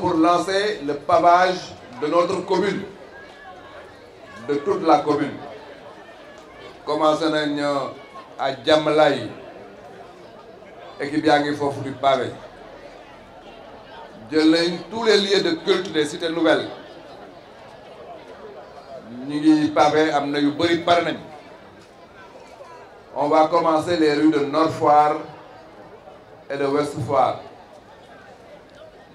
pour lancer le pavage de notre commune, de toute la commune. Commençons euh, à Djamlaï, équipe Yangi faut du pavé. Tous les lieux de culte des cités nouvelles. Nous avons pavé, On va commencer les rues de Nord-Foire et de West-Foire.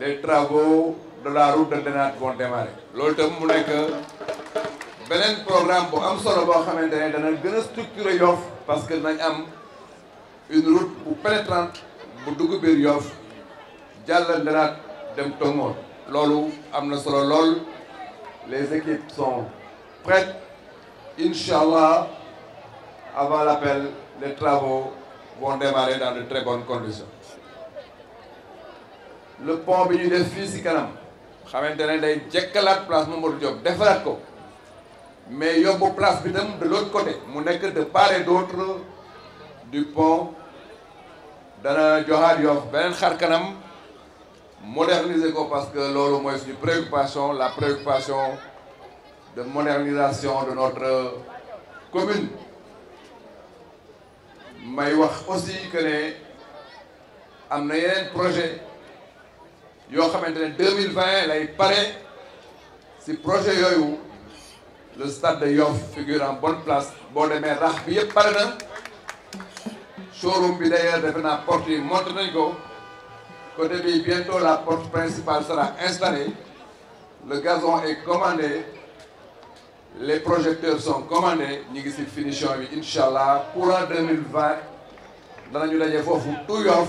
les travaux de la route de Denat démarrer. loolu itam mu nekk beneen programme bu am solo boo xamante ne dana gën a structuré Yoff parce que nañ am une route bu pénétrante bu dugg biir jàll Denat dem Tongoor loolu am na solo lool les équipes sont prêtes incha allah avant l' appel les travaux démarrer dans de très bonnes conditions. le pont bi ñu def fii si kanam xamantene ne day jekkalaat place Mamadou Diop defaraat ko mais yóbbu place bi tam de l'autre côté mu nekk de part et d'autre du pont dana joxaat Yoff beneen xar kanam moderniser ko parce que loolu mooy suñu préoccupation la préoccupation de modernisation de notre commune may wax aussi que ne am na yeneen projet a maintenant 2020 lay paré ci projet yoyu le stade de Yoff figure en bonne place bon de rax bi yëpp paré na showroom bi d'ailleurs la porte yi Montenegro. nañ ko côté bi bientôt la porte principale sera installée le gazon est commandé les projecteurs sont commandés Nous ngi ci finition bi inshallah courant 2020 nous dajé fofu tout Yoff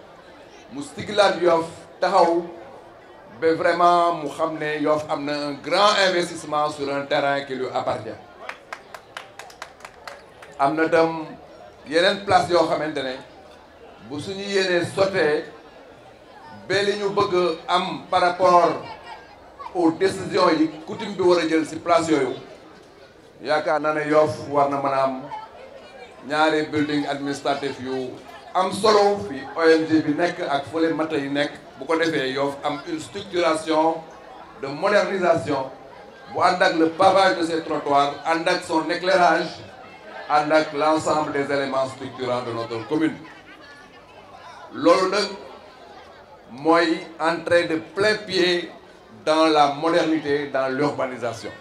mu Yof Yoff taxaw ba vraiment mu xam ne Yoff un grand investissement sur un terrain qui lui appartient am na tam yeneen place yoo xamante ne bu suñu yéenee sotee ba li ñu bëgg am par rapport aux décisions yi coutume bi war a jël ci place yooyu yaakaar naa ne Yoff war na mën a am ñaari building administratif yu am solo ONG bi ak une structuration de modernisation bu le pavage de ces trottoirs en son éclairage andak l'ensemble des éléments structurants de notre commune loolu moi en de plein pied dans la modernité dans l'urbanisation